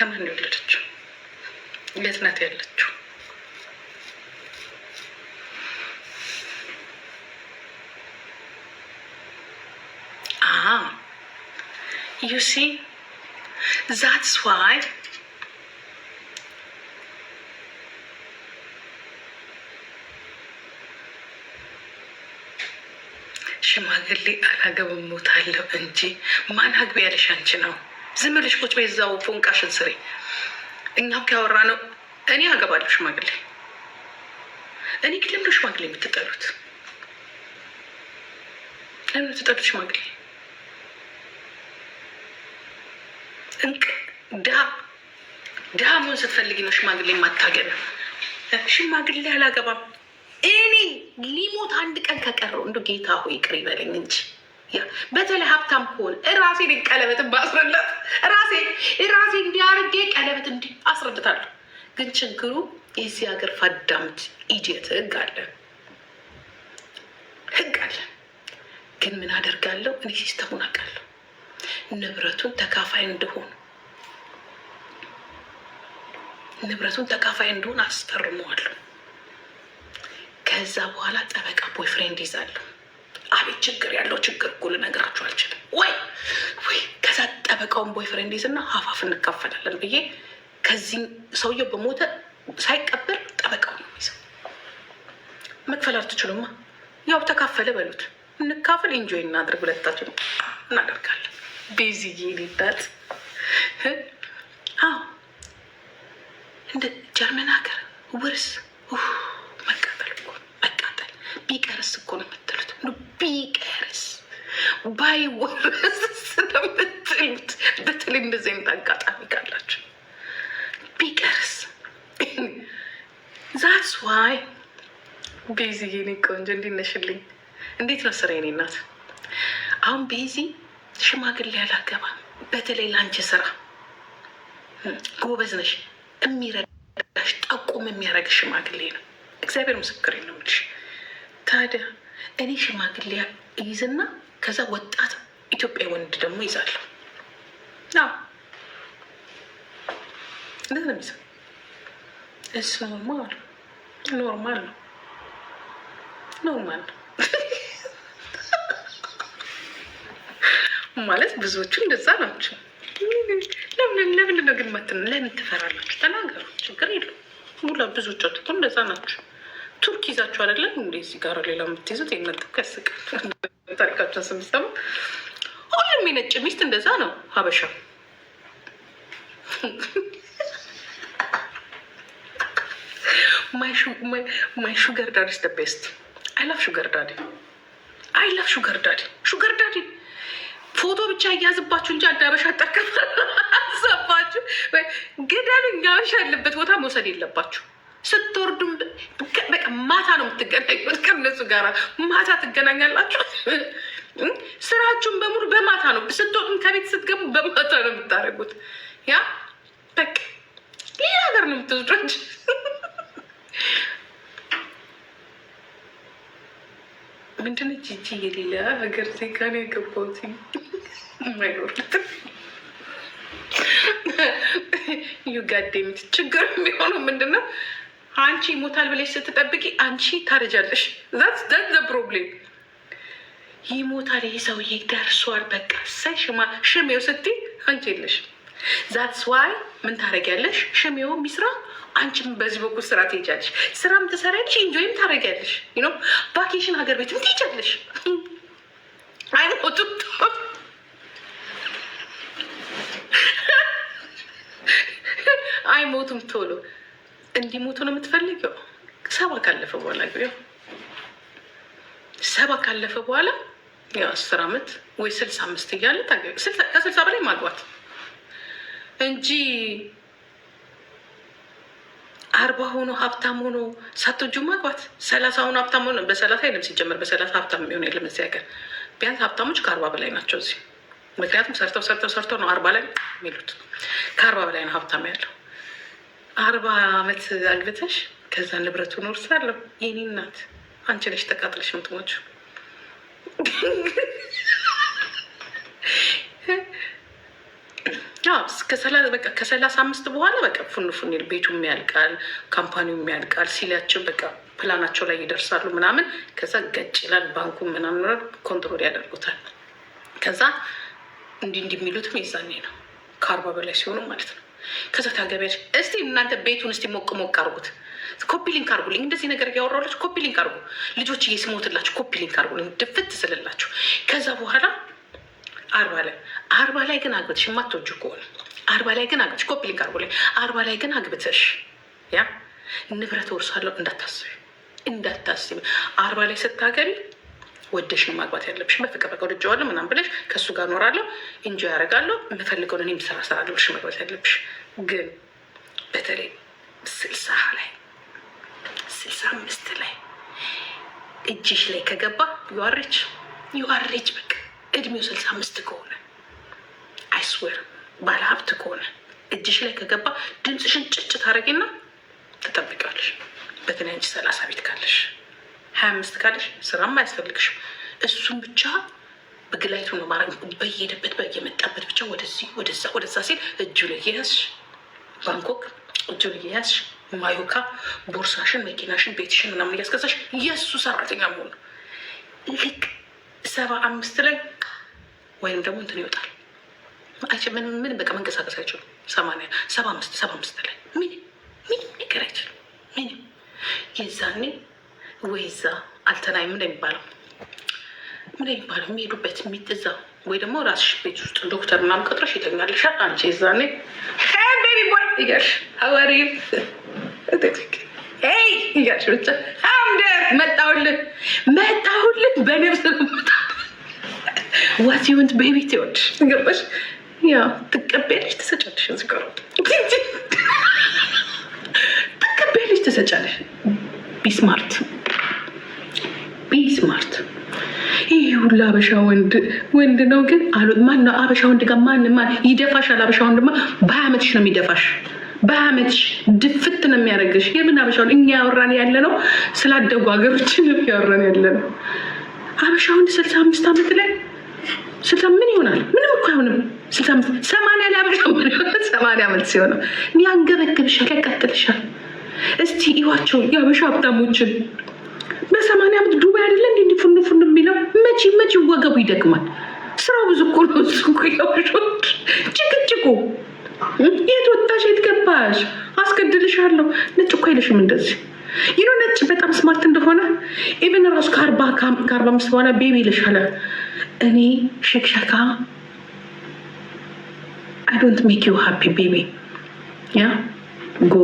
ከማን የወለደችው? የት ናት ያለችው? ዩ ሲ ዛትስ ዋይ ሽማግሌ አላገባም ሞታለሁ እንጂ ማን አግቢ ያለሽ አንቺ ነው። ዝም ብለሽ ቁጭ በይ እዛው ፎንቃሽን ስሪ። እኛ እኮ ነው እኔ አገባለሁ ሽማግሌ። እኔ ግን ለምዶ ሽማግሌ የምትጠሉት ለምን ትጠሉት? ሽማግሌ እንቅ ዳ ዳ መሆን ስትፈልጊ ነው ሽማግሌ የማታገቢ። ሽማግሌ አላገባም እኔ ሊሞት አንድ ቀን ከቀረው እንደ ጌታ ሆይ ቅር ይበለኝ እንጂ በተለይ ሀብታም ከሆነ ራሴ ቀለበትን ባስረላት ራሴ ራሴ እንዲያርጌ ቀለበት እንዲ አስረድታለሁ። ግን ችግሩ የዚህ ሀገር ፈዳምት ኢጀት ህግ አለ ህግ አለ። ግን ምን አደርጋለሁ እኔ ሲስተሙን አውቃለሁ። ንብረቱን ተካፋይ እንደሆኑ ንብረቱን ተካፋይ እንደሆን አስፈርመዋለሁ። ከዛ በኋላ ጠበቃ ቦይፍሬንድ ይዛለሁ። አቤት ችግር ያለው ችግር እኮ ልነግራችሁ አልችልም። ወይ ወይ ከዛ ጠበቃውን ቦይፍሬንድ ይዝና ሀፋፍ እንካፈላለን ብዬ ከዚህ ሰውየው በሞተ ሳይቀበር ጠበቃው ነው የሚይዘው። መክፈል አልትችሉማ፣ ያው ተካፈለ በሉት። እንካፈል ኢንጆይ እናድርግ፣ ሁለታችን እናደርጋለን። ቤዝዬ ሊባት አዎ፣ እንደ ጀርመን ሀገር ውርስ መቃጠል እኮ መቃጠል ቢቀርስ እኮ ነው ቢቀርስ ባይወረስ ስለምትሉት በተለይ እንደዚህ አይነት አጋጣሚ ካላችሁ ቢቀርስ ዛትስ ዋይ ቤዚ የኔ ቆንጆ እንዴት ነሽልኝ? እንዴት ነው ስራ የኔ እናት? አሁን ቤዚ ሽማግሌ አላገባም። በተለይ ለአንቺ ስራ ጎበዝ ነሽ። የሚረዳሽ ጠቁም የሚያደርግሽ ሽማግሌ ነው። እግዚአብሔር ምስክሬ ነው የምልሽ። ታዲያ እኔ ሽማግሌ ይዝና ከዛ ወጣት ኢትዮጵያ ወንድ ደግሞ ይዛለሁ። እንደዚህ ነው። እሱ ኖርማል ኖርማል ነው ኖርማል ነው ማለት ብዙዎቹ እንደዛ ናቸው። ለምን ነው ግን መትን ለምን ትፈራላችሁ? ተናገሩ፣ ችግር የለም። ሙላ ብዙዎቻችሁ እንደዛ ናቸው። ቱርክ ይዛችሁ አይደለም እንዴ እዚህ ጋር ሌላ የምትይዙት የምነጥቅ ያስቃል። ታሪካቸውን ስንሰማ ሁሉም የነጭ ሚስት እንደዛ ነው። ሀበሻ ማይ ሹገር ዳድ ስ ቤስት አይ ላቭ ሹገር ዳድ አይ ላቭ ሹገር ዳድ ሹገር ዳድ ፎቶ ብቻ እያዝባችሁ እንጂ አንድ ሀበሻ ጠቀማል አሰባችሁ ግደን ያለበት ቦታ መውሰድ የለባችሁ። ስትወርዱም በቃ ማታ ነው የምትገናኙት ከነሱ ጋራ ማታ ትገናኛላችሁ። ስራችሁን በሙሉ በማታ ነው። ስትወጡም ከቤት ስትገቡ በማታ ነው የምታደርጉት። ያ በቃ ሌላ ሀገር ነው የምትወስዷች። ምንድነች ይቺ የሌላ ሀገር ዜጋ ነው የገባሁት ማይኖር ዩጋዴሚት ችግር የሚሆነው ምንድነው? አንቺ ይሞታል ብለሽ ስትጠብቂ አንቺ ታረጃለሽ። ዛት ዛት ዘ ፕሮብሌም ይሞታል ይህ ሰውዬ ደርሷል፣ በቃ ሳይ ሽማ ሽሜው ስትይ አንቺ የለሽ። ዛትስ ዋይ ምን ታረጊያለሽ? ሽሜው የሚስራ አንቺም በዚህ በኩል ስራ ትሄጃለሽ፣ ስራም ትሰሪያለሽ፣ ኢንጆይም ታረጊያለሽ። ዩ ኖ ቫኬሽን ሀገር ቤትም ትሄጃለሽ። አይሞቱም አይሞቱም ቶሎ እንዲሞቱ ነው የምትፈልገው? ሰባ ካለፈ በኋላ ያው ሰባ ካለፈ በኋላ ያው አስር አመት ወይ ስልሳ አምስት እያለ ከስልሳ በላይ ማግባት እንጂ አርባ ሆኖ ሀብታም ሆኖ ሳትወጁ ማግባት፣ ሰላሳ ሆኖ ሀብታም ሆኖ በሰላሳ የለም ሲጀመር በሰላሳ ሀብታም የሚሆን የለም እዚህ ሀገር። ቢያንስ ሀብታሞች ከአርባ በላይ ናቸው እዚህ። ምክንያቱም ሰርተው ሰርተው ሰርተው ነው አርባ ላይ የሚሉት። ከአርባ በላይ ነው ሀብታም ያለው። አርባ ዓመት አግብተሽ ከዛ ንብረቱን ወርሳለሁ። የኔ እናት አንቺ ነሽ ተቃጥለሽ ምትሞች። ከሰላሳ አምስት በኋላ በቃ ፉን ፉኒል ቤቱ የሚያልቃል ካምፓኒውም የሚያልቃል ሲሊያቸው በቃ ፕላናቸው ላይ ይደርሳሉ ምናምን። ከዛ ገጭ ይላል ባንኩ ምናምን ኮንትሮል ያደርጉታል። ከዛ እንዲህ እንዲህ የሚሉትም የዛኔ ነው ከአርባ በላይ ሲሆኑ ማለት ነው። ከዛ ታገቢያች። እስቲ እናንተ ቤቱን እስቲ ሞቅ ሞቅ አርጉት። ኮፒ ሊንክ አርጉልኝ። እንደዚህ ነገር እያወራላችሁ ኮፒ ሊንክ አርጉ። ልጆች እየስሞትላችሁ ኮፒ ሊንክ አርጉልኝ፣ ድፍት ስልላችሁ። ከዛ በኋላ አርባ ላይ አርባ ላይ ግን አግብተሽ የማትወጁ ከሆነ አርባ ላይ ግን አግብተሽ ኮፒ ሊንክ አርጉልኝ። አርባ ላይ ግን አግብተሽ ያ ንብረት ወርሳለሁ እንዳታስቢ፣ እንዳታስቢ አርባ ላይ ስታገቢ ወደሽ ነው ማግባት ያለብሽ። በፍቅር በቃ ወድጀዋለሁ ምናምን ብለሽ ከእሱ ጋር እኖራለሁ እንጂ ያደርጋለሁ የምፈልገውን እኔም ስራ እሰራለሁ ብለሽ ማግባት ያለብሽ። ግን በተለይ ስልሳ ላይ ስልሳ አምስት ላይ እጅሽ ላይ ከገባ ዩአሬች ዩአሬች በቃ እድሜው ስልሳ አምስት ከሆነ አይስዌር ባለ ሀብት ከሆነ እጅሽ ላይ ከገባ ድምፅሽን ጭጭ ታደርጊና ትጠብቂዋለሽ። በተለይ አንቺ ሰላሳ ቤት ካለሽ ሀያ አምስት ካለሽ ስራም አያስፈልግሽም። እሱም ብቻ በግላይቱ ነው ማድረግ። በየሄደበት በየመጣበት ብቻ ወደዚህ ወደዛ ወደዛ ሲል እጁ ላይ የያዝሽ ባንኮክ፣ እጁ ላይ የያዝሽ ማዮካ፣ ቦርሳሽን፣ መኪናሽን፣ ቤትሽን ምናምን እያስገዛሽ የእሱ ሰራተኛ መሆን ልክ ሰባ አምስት ላይ ወይም ደግሞ እንትን ይወጣል። ምን ምን በቃ መንቀሳቀስ አይችሉም። ሰማንያ ሰባ አምስት ሰባ አምስት ላይ ምን ምን ነገር አይችልም። ምን የዛኔ ወይዛ ወይ እዛ አልተናይም እንደሚባለው እንደሚባለው የሚሄዱበት የሚጥዛ ወይ ደግሞ ራስሽ ቤት ውስጥ ዶክተር ምናምን ቀጥረሽ ይተኛልሻል። አንቺ ዛኔ ቤቢ ቦይ እያልሽ አዋሪ እያልሽ ብቻ አምደ መጣሁልን መጣሁልን በነብስ መጣ ዋት ዩንት ቤቢ ትወድ ገባሽ? ያ ትቀበያለሽ፣ ትሰጫለሽ። እዚህ ጋር ትቀበያለሽ፣ ትሰጫለሽ። ቢስማርት ቢ ስማርት። ይህ ሁሉ አበሻ ወንድ ወንድ ነው ግን አሉት። ማን ነው አበሻ ወንድ ጋር ማን ማን ይደፋሻል? አበሻ ወንድማ በሀያ ነው የሚደፋሽ በአመትሽ ድፍት ነው የሚያደርግሽ። የምን አበሻ ወንድ? እኛ ያወራን ያለ ነው ስላደጉ ሀገሮችን ነው ያወራን ያለ ነው። አበሻ ወንድ ስልሳ አምስት ዓመት ላይ ስልሳ ምን ይሆናል? ምንም እኮ አይሆንም። ስልሳ አምስት ሰማንያ ላይ አበሻ ምን ይሆናል? ሰማንያ ዓመት ሲሆነው ያንገበግብሻል፣ ያቃጥልሻል። እስቲ ይዋቸው የአበሻ ሀብታሞችን በሰማንያ ዓመት ዱባይ አይደለ እንዲ እንዲፉን ፉን የሚለው መቼ መቼ ወገቡ ይደግማል። ስራው ብዙ እኮ ነው። እሱ ያውሾች ጭቅጭቁ የት ወጣሽ የት ገባሽ አስገድልሻለሁ። ነጭ እኮ አይለሽም እንደዚህ ይኖ ነጭ በጣም ስማርት እንደሆነ ኢቨን ራሱ ከአርባ ከአርባ አምስት በኋላ ቤቢ ይልሻል። እኔ ሸክሸካ አይ ዶንት ሜክ ዩ ሃፒ ቤቢ ያ ጎ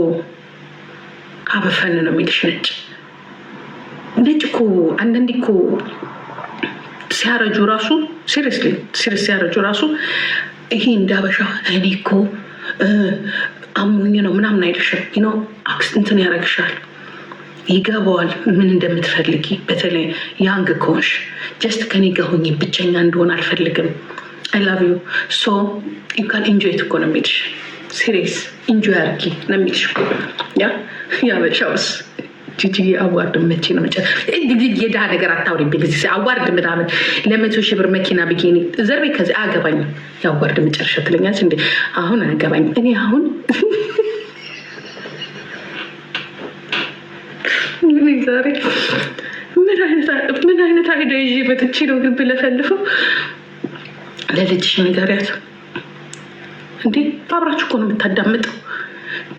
ሀበፈን ነው የሚልሽ ነጭ ልጅ እኮ አንዳንድ እኮ ሲያረጁ ራሱ ሲሪስ ሲያረጁ ራሱ ይሄ እንዳበሻ እኔ እኮ አሞኝ ነው ምናምን አይልሽም። ነው እንትን ያረግሻል ይገባዋል ምን እንደምትፈልጊ። በተለይ ያንግ ከሆንሽ ጀስት ከኔ ጋር ሆኜ ብቸኛ እንደሆን አልፈልግም፣ አይ ላቭ ዩ ሶ ዩ ካን ኢንጆይ እኮ ነው የሚልሽ። ሲሪስ ኢንጆይ አርጊ ነው የሚልሽ። ያ ያበሻውስ ጂጂዬ አዋርድ መቼ ነው መቼ የድሃ ነገር አታውሪብኝ። በዚህ አዋርድ ምናምን ለመቶ ሺህ ብር መኪና ብጌኒ ዘርቤ ከዚህ አገባኝ የአዋርድ መጨረሻ ትለኛለች እንዴ? አሁን አገባኝ እኔ አሁን ዛሬ ምን አይነት አይዳ ይዤ መጥቼ ነው ግብ ለፈልፈው ለልጅሽ ንገሪያት እንዴ። ባብራችሁ እኮ ነው የምታዳምጠው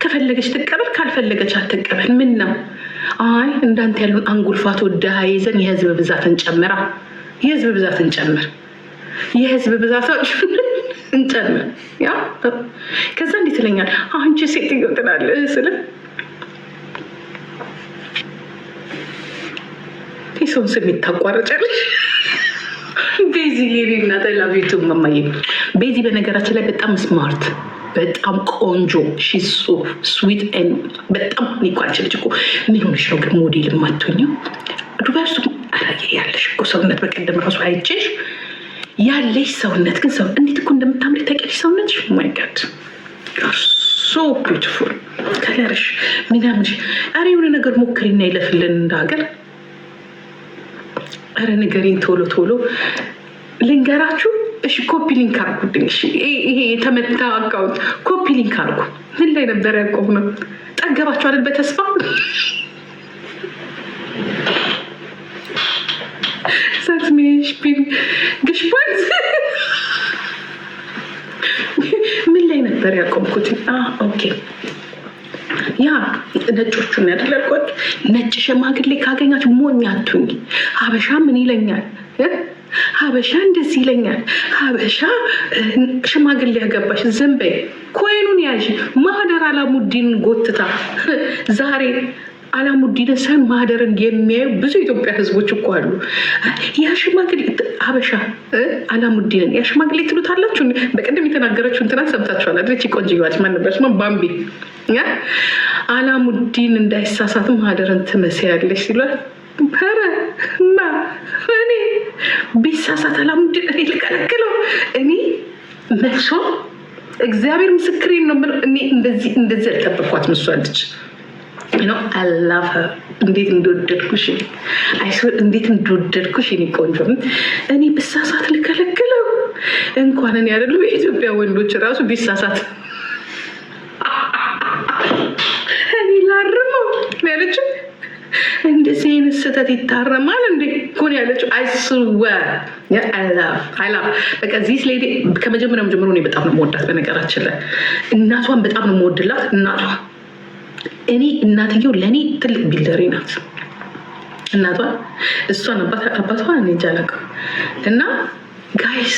ከፈለገች ትቀበል፣ ካልፈለገች አትቀበል። ምን ነው አይ እንዳንተ ያሉን አንጉልፋቶ ድሃ ይዘን የህዝብ ብዛትን ጨምራ የህዝብ ብዛት እንጨምር፣ የህዝብ ብዛት እንጨምር። ያ ከዛ እንዴት ይለኛል አንቺ ሴት ይወጥናል ስል የሰውን ስሜት ታቋረጫለሽ። ቤዚ ና ተላቤቱ መማየ ቤዚ በነገራችን ላይ በጣም ስማርት በጣም ቆንጆ ሺሱ ስዊት በጣም ሊቋልችል ልጅ እኮ ምን ሆነሽ ነው ግን ሞዴል ማቶኛው ዱባይ ውስጥ አላየ ያለሽ እኮ ሰውነት በቀደም ራሱ አይቼሽ ያለሽ ሰውነት ግን ሰው እንዴት እኮ እንደምታምር ታውቂያለሽ። ሰውነት ማይጋድ ሶ ቢዩቲፉል ከለርሽ ምናምን አረ የሆነ ነገር ሞክሪና ይለፍልን እንደ ሀገር። ኧረ ንገሪኝ ቶሎ ቶሎ ልንገራችሁ። እሺ ኮፒ ሊንክ አርጉልኝ። ይሄ የተመታ አካውንት ኮፒ ሊንክ አርጉ። ምን ላይ ነበር ያቆም ነው? ጠገባችሁ አይደል? በተስፋ ግሽበት ምን ላይ ነበር ያቆምኩት? ኦኬ ያ ነጮቹን ያደለቋችሁ ነጭ ሸማግሌ ካገኛችሁ ሞኛቱኝ አበሻ ምን ይለኛል ሀበሻ እንደዚህ ይለኛል። ሀበሻ ሽማግሌ ያገባሽ ዝም በይ። ኮይኑን ያዥ ማህደር አላሙዲን ጎትታ ዛሬ አላሙዲን ሳይሆን ማህደርን የሚያዩ ብዙ ኢትዮጵያ ህዝቦች እኮ አሉ። ያ ሀበሻ አላሙዲንን ያ ትሉት አላችሁ። በቅድም የተናገረችው እንትና ሰምታችኋል። አድረች ቆንጅዋች ማንበች ባምቢ አላሙዲን እንዳይሳሳት ማህደርን ትመስያለች ሲሏል። ማ እኔ ቢሳሳት አላምድ እኔ ልከለክለው እኔ መሶ እግዚአብሔር ምስክሬን ነው የምለው። እኔ እንደዚህ እንደዚህ ያልጠበኳት መሷለች ነው አላፈ እንዴት እንደወደድኩሽ አይሶ እንዴት እንደወደድኩሽ እኔ ቆንጆ እኔ ብሳሳት ልከለክለው እንኳን እኔ አይደለም የኢትዮጵያ ወንዶች ራሱ ቢሳሳት ስህተት ይታረማል እንዴ ኮን ያለችው አይስወር በቃ ዚስ ሌዲ ከመጀመሪያም ጀምሮ እኔ በጣም ነው መወዳት። በነገራችን ላይ እናቷን በጣም ነው መወድላት። እናቷ እኔ እናትየው ለእኔ ትልቅ ቢልደሪ ናት። እናቷ እሷን አባቷ እኔ እንጃ አላውቅም። እና ጋይስ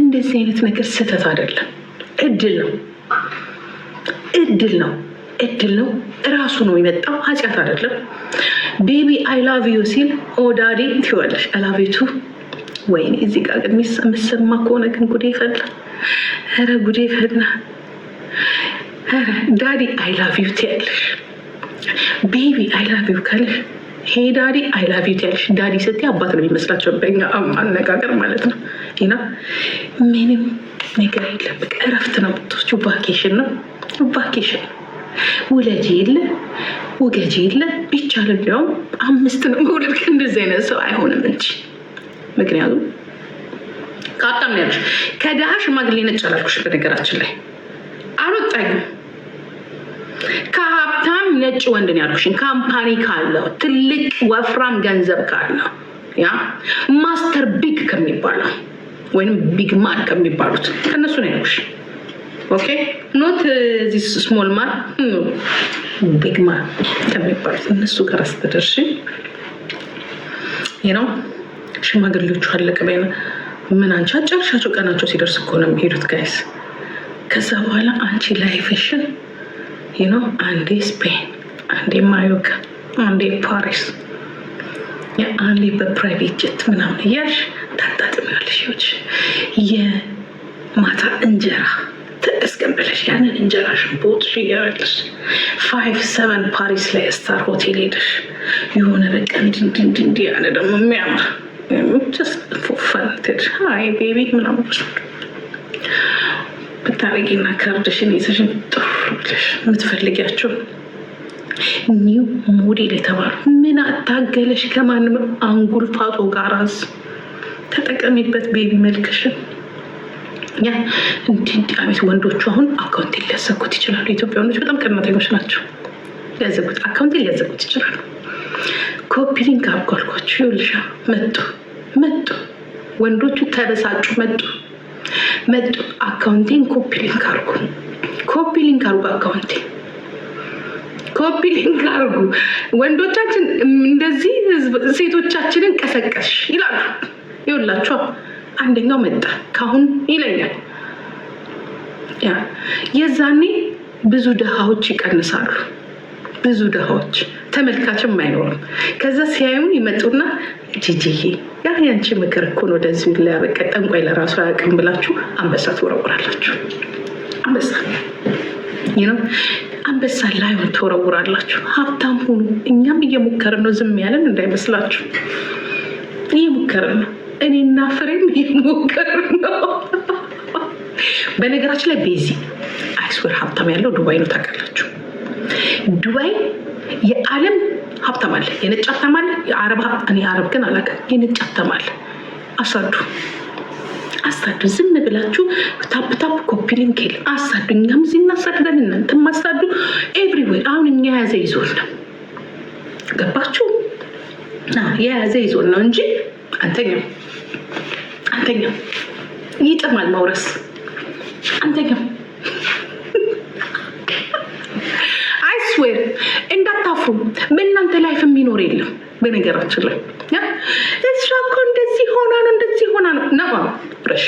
እንደዚህ አይነት ነገር ስህተት አይደለም፣ እድል ነው፣ እድል ነው። እድል ነው። እራሱ ነው የመጣው፣ ኃጢአት አይደለም። ቤቢ አይ ላቭ ዩ ሲል ኦዳዴ ትይዋለሽ። አላቤቱ ወይኔ እዚህ ጋር ግን የሚሰማ ከሆነ ግን ጉዴ ፈላ። ኧረ ጉዴ ፈላ። ኧረ ዳዲ አይ ላቭ ዩ ትያለሽ። ቤቢ አይ ላቭ ዩ ካለሽ ሄ ዳዲ አይ ላቭ ዩ ትያለሽ። ዳዲ ስትይ አባት ነው የሚመስላቸው በኛ አነጋገር ማለት ነው። ይና ምንም ነገር የለም። በቃ እረፍት ነው የምትወስጂው። ቫኬሽን ነው ቫኬሽን ውለጅ የለ ውገጅ የለ ይቻል። እንዲያውም አምስት ነው መውለድ። እንደዚህ አይነት ሰው አይሆንም እንጂ ምክንያቱም ቃጣም ያሉሽ ከድሃ ሽማግሌ ነጭ አላልኩሽ። በነገራችን ላይ አልወጣኝም ከሀብታም ነጭ ወንድን ያልኩሽን ካምፓኒ ካለው ትልቅ ወፍራም ገንዘብ ካለው ያ ማስተር ቢግ ከሚባለው ወይም ቢግ ማን ከሚባሉት ከእነሱ ነው ያልኩሽ። ኦኬ ኖት ዚስ ስሞል ማን ቢግ ማን ከሚባሉት እነሱ ጋር አስተደርሽ ነው። ሽማግሌዎቹ አለቀ በይ ምን አንቺ አጨርሻቸው ቀናቸው ሲደርስ እኮ ነው የሚሄዱት ጋይስ። ከዛ በኋላ አንቺ ላይፍሽን ነው አንዴ ስፔን፣ አንዴ ማዮርካ፣ አንዴ ፓሪስ፣ አንዴ በፕራይቬት ጀት ምናምን እያልሽ ታጣጥሚያለሽ። የማታ እንጀራ ትዕስ ቀን ብለሽ ያንን እንጀራሽ በወጥሽ እያረግሽ ፋይቭ ሰቨን ፓሪስ ላይ ስታር ሆቴል ሄደሽ የሆነ በቃ እንዲንዲንዲንዲ ያለ ደግሞ የሚያምር ፎፈንትድ አይ ቤቢ ምናምን ብታረጊና ካርድሽን ይዘሽን ጥሩ ብለሽ የምትፈልጊያቸው ኒው ሞዴል የተባሉ ምን አታገለሽ ከማንም አንጉል ፋጦ ጋራዝ ተጠቀሚበት ቤቢ መልክሽን ይመስለኛል። እንዲህ አቤት ወንዶቹ አሁን አካውንቴን ሊያዘጉት ይችላሉ። ኢትዮጵያ ወንዶች በጣም ቀናተኞች ናቸው። ሊያዘጉት አካውንቴን ሊያዘጉት ይችላሉ። ኮፒሊንግ አጓልኳቸው። ይኸውልሻ መጡ መጡ ወንዶቹ ተበሳጩ። መጡ መጡ አካውንቴን ኮፒሊንክ አርጉ፣ ኮፒሊንክ አርጉ፣ አካውንቴን ኮፒሊንክ አርጉ። ወንዶቻችን እንደዚህ ሴቶቻችንን ቀሰቀስሽ ይላሉ። ይኸውላችኋል አንደኛው መጣ ካሁን ይለኛል። ያ የዛኔ ብዙ ድሃዎች ይቀንሳሉ። ብዙ ድሃዎች ተመልካችም አይኖርም። ከዛ ሲያዩን ይመጡና ጂጂዬ ያ ያንቺ ምክር እኮን ነው ወደዚህ ሊያበቀ ጠንቋይ ለራሱ አያውቅም ብላችሁ አንበሳ ትወረውራላችሁ። አንበሳ ይነው አንበሳ ላይሆን ትወረውራላችሁ። ሀብታም ሁኑ። እኛም እየሞከርን ነው። ዝም ያለን እንዳይመስላችሁ እየሞከርን ነው። እኔና ፍሬም ይሞከር ነው። በነገራችን ላይ ቤዚ አይስዌር ሀብታም ያለው ዱባይ ነው። ታውቃላችሁ ዱባይ የዓለም ሀብታም አለ፣ የነጭ ሀብታም አለ፣ የአረብ እኔ አረብ ግን አላውቅም። የነጭ ሀብታም አለ። አሳዱ አሳዱ። ዝም ብላችሁ ታፕ ታፕ ኮፒ ሊንኬል አሳዱ። እኛም እዚህ እናሳድዳል፣ እናንተም አሳዱ። ኤቭሪዌር አሁን እኛ የያዘ ይዞን ነው። ገባችሁ? የያዘ ይዞን ነው እንጂ አንተኛም አንተኛም ይጥማል መውረስ አንተኛም አይስዌር እንዳታፍሩ። በእናንተ ላይፍ የሚኖር የለም። በነገራችን ላይ እሷ እኮ እንደዚህ ሆና ነው እንደዚህ ሆና ነው ና ብረሽ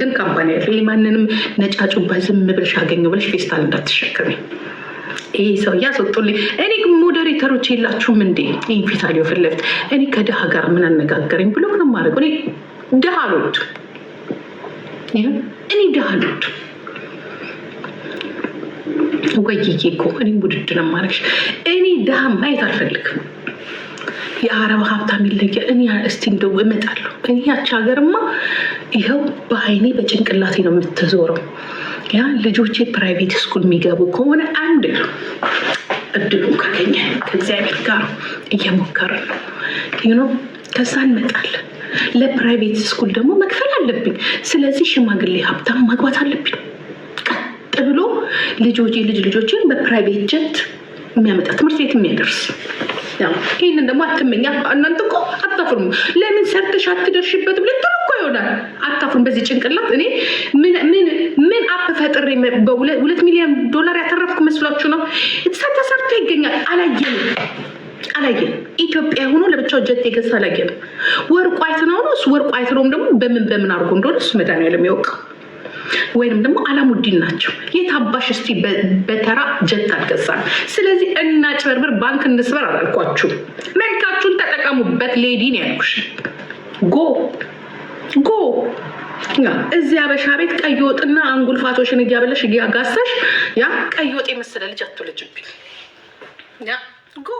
ግን ካምፓኒ ያለው ማንንም ነጫጩባ ዝም ብለሽ አገኘው ብለሽ ፌስታል እንዳትሸከሚ ይሄ ሰው እያስወጡልኝ። እኔ ሞዴሬተሮች የላችሁም እንዴ? ይህን ፊታሊዮ ፊት ለፊት እኔ ከድሃ ጋር ምን አነጋገረኝ ብሎ ነው ማድረግ። እኔ ድሃ ሎድ እኔ ድሃ ሎድ ወይዬ እኮ እኔም ውድድ ነው ማድረግሽ። እኔ ድሃ ማየት አልፈልግም። የአረብ ሀብታም ይለየ። እኔ እስቲ እንደው እመጣለሁ። እኔ ያቺ ሀገርማ ይኸው በአይኔ በጭንቅላቴ ነው የምትዞረው። ያ ልጆቼ ፕራይቬት ስኩል የሚገቡ ከሆነ አንድ ነው እድሉን ካገኘ ከእግዚአብሔር ጋር እየሞከረ ነው ዩኖ ከዛ እንመጣለን። ለፕራይቬት ስኩል ደግሞ መክፈል አለብኝ። ስለዚህ ሽማግሌ ሀብታም ማግባት አለብኝ። ቀጥ ብሎ ልጆች ልጅ ልጆችን በፕራይቬት ጀት የሚያመጣ ትምህርት ቤት የሚያደርስ ይህንን ደግሞ አትመኛ እናንተ እኮ አታፍርሙ። ለምን ሰርተሽ አትደርሽበት ብለ ይሆናል። አታፉን በዚህ ጭንቅላት እኔ ምን አፕ ፈጥሬ በሁለት ሚሊዮን ዶላር ያተረፍኩ መስሏችሁ ነው? ተሰርቶ ይገኛል። አላየም አላየም። ኢትዮጵያ ሆኖ ለብቻው ጀት የገዛ አላየንም። ወርቁ አይተነው ነው እሱ ወርቁ አይትነውም ደግሞ በምን በምን አድርጎ እንደሆነ እሱ መድኃኒዓለም ያውቀው። ወይንም ደግሞ አላሙዲን ናቸው። የት አባሽ እስቲ በተራ ጀት አልገዛም። ስለዚህ እናጭበርብር፣ ባንክ እንስበር አላልኳችሁ። መልካችሁን ተጠቀሙበት። ሌዲን ያልኩሽ ጎ ጎ እዚህ አበሻ ቤት ቀይ ወጥና አንጉልፋቶሽን እያበለሽ እያጋሰሽ ያ ቀይ ወጥ የመሰለ ልጅ አትወልጅብኝ። ያ ጎ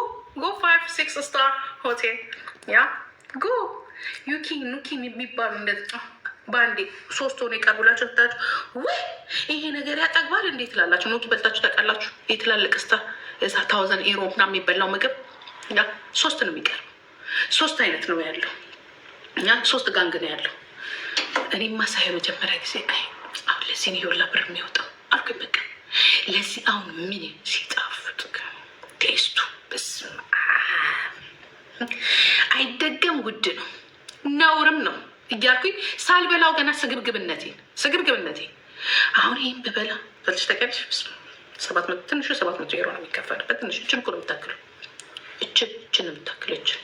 ጎ ፋይቭ ሲክስ ስታር ሆቴል ያ ጎ ዩኪ ኑኪ የሚባሉ እንደ በአንዴ ሶስት ሆነ የቀርቡላቸው ስታችሁ ወይ ይሄ ነገር ያጠግባል እንዴት ትላላችሁ? ኑኪ በልታችሁ ታውቃላችሁ? የትላልቅ ስታ እዛ ታውዘን ኢሮ ምናምን የሚበላው ምግብ ሶስት ነው የሚቀርብ ሶስት አይነት ነው ያለው ሶስት ጋንግ ነው ያለው እኔማ ሳይሆን መጀመሪያ ጊዜ አይ አሁን ለዚህ ነው የወላ ብር የሚወጣው አልኩኝ። በቃ ለዚህ አሁን ምን ሲጣፍጥ ቴስቱ በስመ አይደገም። ውድ ነው ነውርም ነው እያልኩኝ ሳልበላው ገና ስግብግብነቴ ስግብግብነቴ አሁን ይህም ብበላ በልሽ ተቀልሽ ሰባት መቶ ትንሹ ሰባት መቶ ዩሮ ነው የሚከፈለው። በትንሹ እችን እኮ ነው የምታክለው። እችን እችን የምታክለው። እችን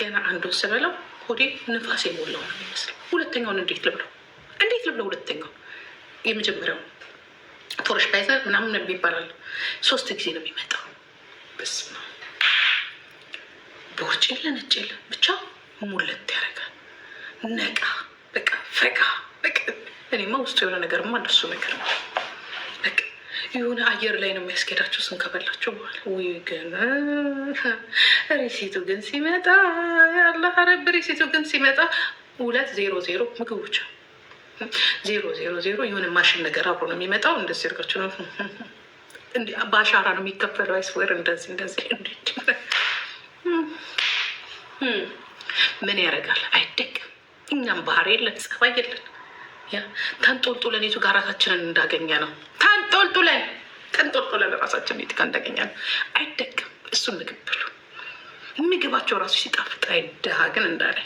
ገና አንዱን ስበላው ሆዴ ንፋስ የሞላው ነው የሚመስል። ሁለተኛውን እንዴት ልብለው እንዴት ልብለው? ሁለተኛው የመጀመሪያው ቶረሽ ባይዘ ምናምን ይባላል። ሶስት ጊዜ ነው የሚመጣው። በስ በውርጭ የለ ነጭ የለ ብቻ ሙለት ያደርጋል። ነቃ በቃ ፈቃ በቃ እኔማ ውስጡ የሆነ ነገርማ እንደሱ ነገር በቃ የሆነ አየር ላይ ነው የሚያስኬዳቸው ስንከበላቸው በኋላ። ውይ ግን ሪሲቱ ግን ሲመጣ ያለ ረብ ሪሲቱ ግን ሲመጣ ሁለት ዜሮ ዜሮ ምግቦች ዜሮ ዜሮ ዜሮ የሆነ ማሽን ነገር አብሮ ነው የሚመጣው። እንደዚህ እርጋችሁ ነው በአሻራ ነው የሚከፈለው። አይስወር እንደዚህ እንደዚህ ምን ያደርጋል አይደግ እኛም ባህር የለን ጸባይ የለን ተንጦልጡለን የቱ ጋር ራሳችንን እንዳገኘ ነው። ተንጦልጡለን ተንጦልጡለን ራሳችንን የቱ ጋር እንዳገኘ ነው። አይደግም እሱ ምግብ ብሉ። ምግባቸው ራሱ ሲጣፍጥ አይደሃ ግን እንዳለ